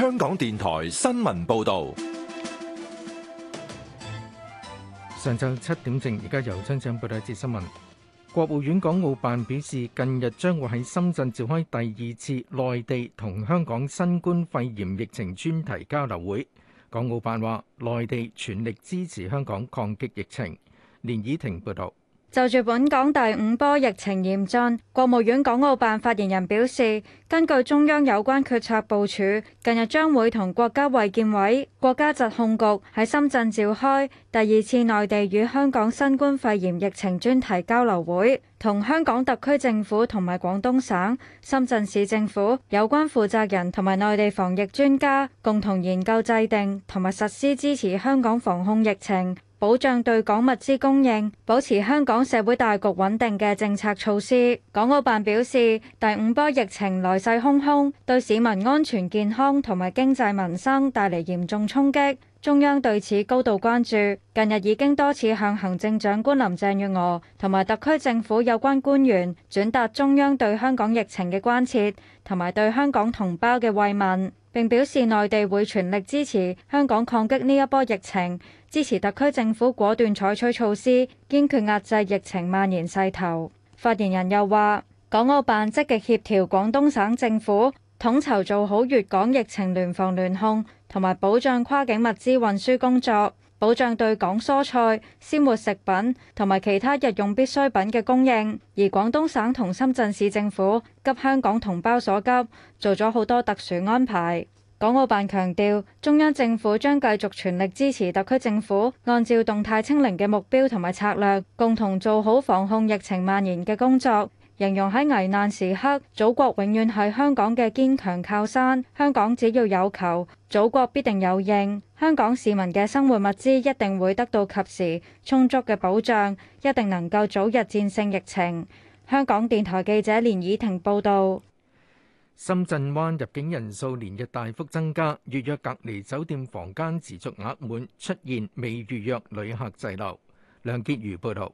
香港電台新聞報道，上晝七點正，而家由張政報道一節新聞。國務院港澳辦表示，近日將會喺深圳召開第二次內地同香港新冠肺炎疫情專題交流會。港澳辦話，內地全力支持香港抗擊疫情。連綺婷報道。就住本港第五波疫情嚴峻，國務院港澳辦發言人表示，根據中央有關決策部署，近日將會同國家衛健委、國家疾控局喺深圳召開第二次內地與香港新冠肺炎疫情專題交流會，同香港特區政府同埋廣東省、深圳市政府有關負責人同埋內地防疫專家共同研究制定同埋實施支持香港防控疫情。保障對港物資供應，保持香港社會大局穩定嘅政策措施。港澳辦表示，第五波疫情來勢洶洶，對市民安全健康同埋經濟民生帶嚟嚴重衝擊，中央對此高度關注。近日已經多次向行政長官林鄭月娥同埋特區政府有關官員轉達中央對香港疫情嘅關切同埋對香港同胞嘅慰問，並表示內地會全力支持香港抗擊呢一波疫情。支持特區政府果斷採取措施，堅決壓制疫情蔓延勢頭。發言人又話，港澳辦積極協調廣東省政府，統籌做好粵港疫情聯防聯控，同埋保障跨境物資運輸工作，保障對港蔬菜、鮮活食品同埋其他日用必需品嘅供應。而廣東省同深圳市政府急香港同胞所急，做咗好多特殊安排。港澳辦強調，中央政府將繼續全力支持特區政府，按照動態清零嘅目標同埋策略，共同做好防控疫情蔓延嘅工作。形容喺危難時刻，祖國永遠係香港嘅堅強靠山。香港只要有求，祖國必定有應。香港市民嘅生活物資一定會得到及時充足嘅保障，一定能夠早日戰勝疫情。香港電台記者連以婷報道。深圳灣入境人數連日大幅增加，預約隔離酒店房間持續額滿，出現未預約旅客滯留。梁潔如報道。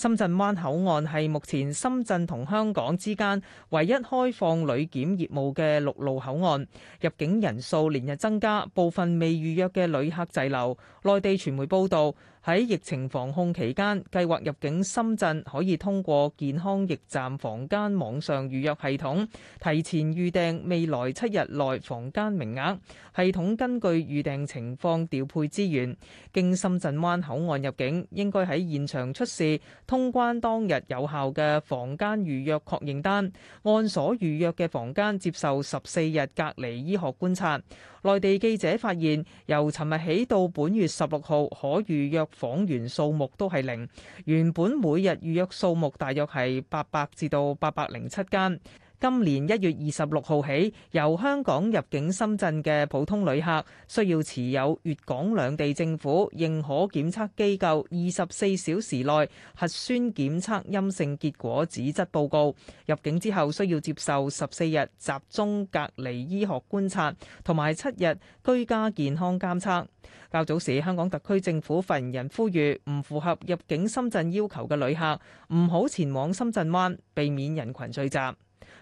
深圳灣口岸係目前深圳同香港之間唯一開放旅檢業務嘅陸路口岸，入境人數連日增加，部分未預約嘅旅客滯留。內地傳媒報道，喺疫情防控期間計劃入境深圳可以通過健康驛站房間網上預約系統提前預訂未來七日內房間名額，系統根據預訂情況調配資源。經深圳灣口岸入境應該喺現場出示。通關當日有效嘅房間預約確認單，按所預約嘅房間接受十四日隔離醫學觀察。內地記者發現，由尋日起到本月十六號，可預約房源數目都係零。原本每日預約數目大約係八百至到八百零七間。今年一月二十六號起，由香港入境深圳嘅普通旅客需要持有粵港兩地政府認可檢測機構二十四小時內核酸檢測陰性結果紙質報告。入境之後需要接受十四日集中隔離醫學觀察，同埋七日居家健康監測。較早時，香港特區政府發言人呼籲，唔符合入境深圳要求嘅旅客唔好前往深圳灣，避免人群聚集。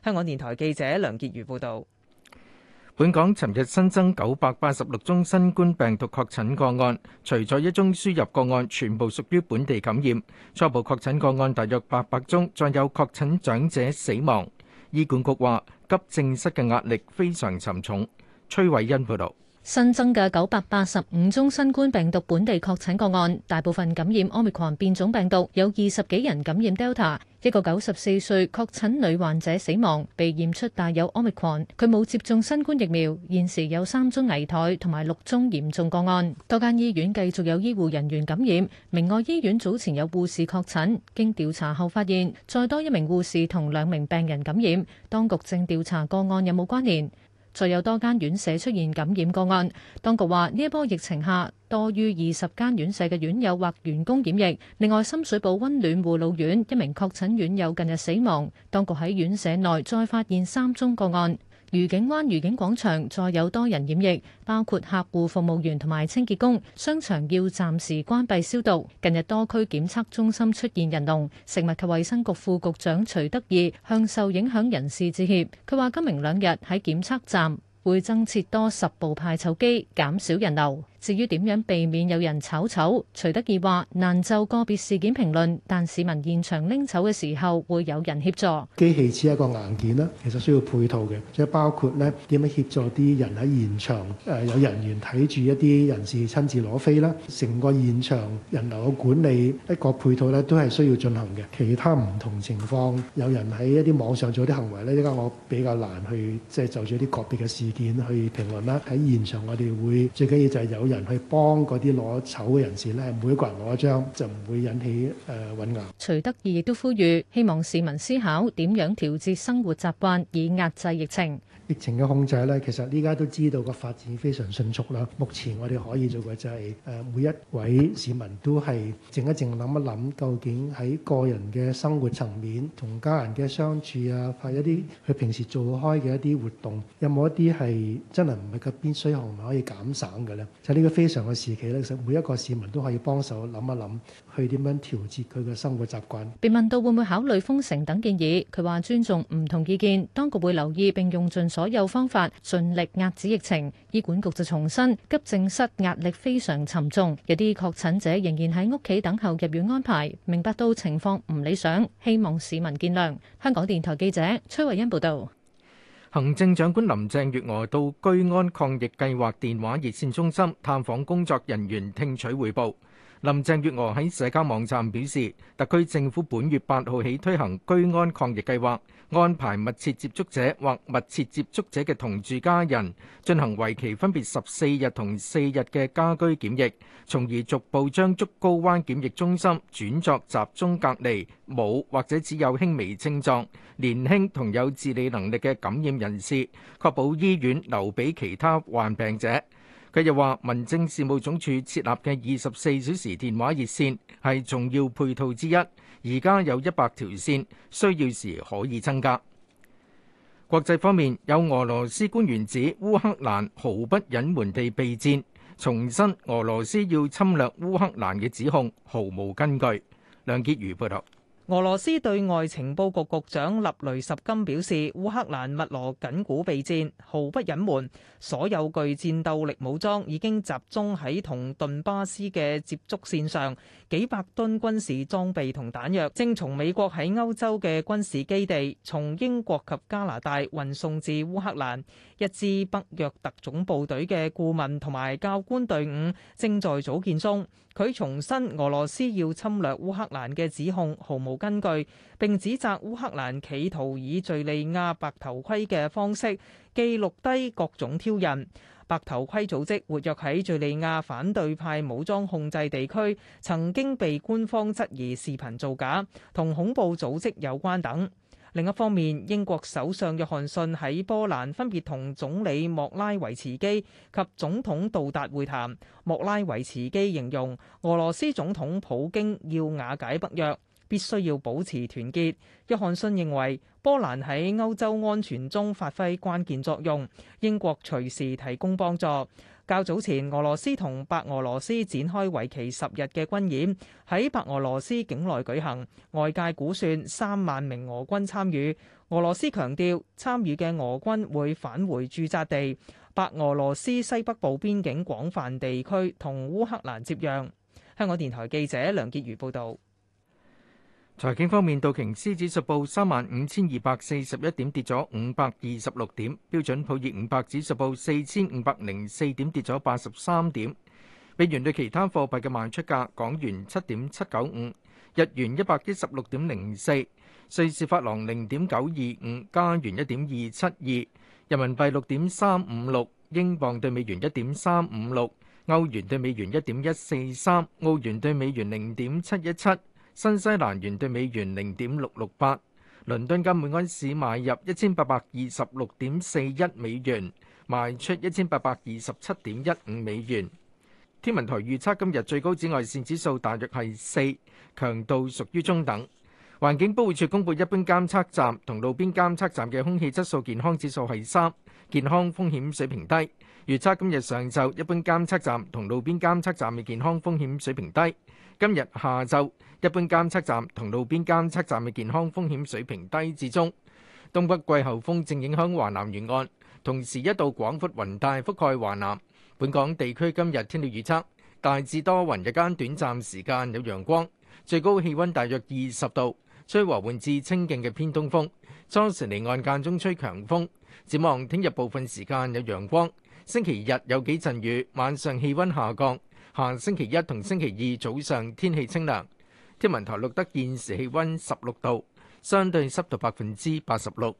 香港電台記者梁潔如報道，本港尋日新增九百八十六宗新冠病毒確診個案，除咗一宗輸入個案，全部屬於本地感染。初步確診個案大約八百宗，再有確診長者死亡。醫管局話，急症室嘅壓力非常沉重。崔偉恩報道。新增嘅九百八十五宗新冠病毒本地確診個案，大部分感染 Omicron 變種病毒，有二十幾人感染 Delta。一個九十四歲確診女患者死亡，被驗出帶有 Omicron，佢冇接種新冠疫苗。現時有三宗危殆同埋六宗嚴重個案。多間醫院繼續有醫護人員感染，明愛醫院早前有護士確診，經調查後發現再多一名護士同兩名病人感染，當局正調查個案有冇關聯。再有多間院舍出現感染個案，當局話呢一波疫情下，多於二十間院舍嘅院友或員工染疫。另外，深水埗溫暖護老院一名確診院友近日死亡，當局喺院舍內再發現三宗個案。愉景灣愉景廣場再有多人染疫，包括客戶服務員同埋清潔工。商場要暫時關閉消毒。近日多區檢測中心出現人龍，食物及衛生局副局長徐德義向受影響人士致歉。佢話：今明兩日喺檢測站會增設多十部派籌機，減少人流。至於點樣避免有人炒醜，醜，徐德義話難就個別事件評論，但市民現場拎醜嘅時候會有人協助。機器只係一個硬件啦，其實需要配套嘅，即係包括呢點樣協助啲人喺現場誒、呃、有人員睇住一啲人士親自攞飛啦，成個現場人流嘅管理一個配套呢都係需要進行嘅。其他唔同情況有人喺一啲網上做啲行為呢，而家我比較難去即係就住、是、一啲個別嘅事件去評論啦。喺現場我哋會最緊要就係有人，人去幫嗰啲攞籌嘅人士咧，每一個人攞一張，就唔會引起誒混淆。徐德義亦都呼籲，希望市民思考點樣調節生活習慣以壓制疫情。疫情嘅控制咧，其實呢家都知道個發展非常迅速啦。目前我哋可以做嘅就係、是、誒，每一位市民都係靜一靜、諗一諗，究竟喺個人嘅生活層面、同家人嘅相處啊，或一啲佢平時做開嘅一啲活動，有冇一啲係真係唔係個必需項，可以減省嘅呢？就呢、是、個非常嘅時期咧，其實每一個市民都可以幫手諗一諗。佢點樣調節佢嘅生活習慣？被問到會唔會考慮封城等建議，佢話尊重唔同意見，當局會留意並用盡所有方法盡力壓止疫情。醫管局就重申急症室壓力非常沉重，有啲確診者仍然喺屋企等候入院安排，明白到情況唔理想，希望市民見諒。香港電台記者崔慧欣報道。行政長官林鄭月娥到居安抗疫計劃電話熱線中心探訪工作人員，聽取匯報。林鄭月娥喺社交網站表示，特區政府本月八號起推行居安抗疫計劃，安排密切接觸者或密切接觸者嘅同住家人進行為期分別十四日同四日嘅家居檢疫，從而逐步將竹篙灣檢疫中心轉作集中隔離，冇或者只有輕微症狀、年輕同有自理能力嘅感染人士，確保醫院留畀其他患病者。佢又話，民政事務總署設立嘅二十四小時電話熱線係重要配套之一，而家有一百條線，需要時可以增加。國際方面，有俄羅斯官員指烏克蘭毫不隱瞞地備戰，重申俄羅斯要侵略烏克蘭嘅指控毫無根據。梁潔如報道。俄羅斯對外情報局局長納雷什金表示，烏克蘭密鑼緊鼓備戰，毫不隱瞞，所有具戰鬥力武裝已經集中喺同頓巴斯嘅接觸線上，幾百噸軍事裝備同彈藥正從美國喺歐洲嘅軍事基地，從英國及加拿大運送至烏克蘭。一支北約特種部隊嘅顧問同埋教官隊伍正在組建中。佢重申俄羅斯要侵略烏克蘭嘅指控，毫無根據，並指責，烏克蘭企圖以敘利亞白頭盔嘅方式記錄低各種挑釁。白頭盔組織活躍喺敘利亞反對派武裝控制地區，曾經被官方質疑視頻造假、同恐怖組織有關等。另一方面，英國首相約翰遜喺波蘭分別同總理莫拉維茨基及總統杜達會談。莫拉維茨基形容俄羅斯總統普京要瓦解北約，必須要保持團結。約翰遜認為，波蘭喺歐洲安全中發揮關鍵作用，英國隨時提供幫助。較早前，俄羅斯同白俄羅斯展開為期十日嘅軍演，喺白俄羅斯境內舉行，外界估算三萬名俄軍參與。俄羅斯強調，參與嘅俄軍會返回駐紮地。白俄羅斯西北部邊境廣泛地區同烏克蘭接壤。香港電台記者梁潔瑜報導。財經方面，道瓊斯指數報三萬五千二百四十一點，跌咗五百二十六點；標準普爾五百指數報四千五百零四點，跌咗八十三點。美元兌其他貨幣嘅賣出價：港元七點七九五，日元一百一十六點零四，瑞士法郎零點九二五，加元一點二七二，人民幣六點三五六，英鎊兌美元一點三五六，歐元兌美元一點一四三，澳元兌美元零點七一七。新西蘭元對美元零點六六八，倫敦金每安士買入一千八百二十六點四一美元，賣出一千八百二十七點一五美元。天文台預測今日最高紫外線指數大約係四，強度屬於中等。環境保護署公佈一般監測站同路邊監測站嘅空氣質素健康指數係三。健康風險水平低，預測今日上晝一般監測站同路邊監測站嘅健康風險水平低。今日下晝一般監測站同路邊監測站嘅健康風險水平低至中。東北季候風正影響華南沿岸，同時一道廣闊雲帶覆蓋華南。本港地區今日天氣預測大致多雲，日間短暫時間有陽光，最高氣温大約二十度，吹和緩至清勁嘅偏東風，初時離岸間中吹強風。展望聽日部分時間有陽光，星期日有幾陣雨，晚上氣温下降。下星期一同星期二早上天氣清涼。天文台錄得現時氣温十六度，相對濕度百分之八十六。